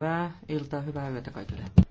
Hyvää iltaa, hyvää yötä kaikille.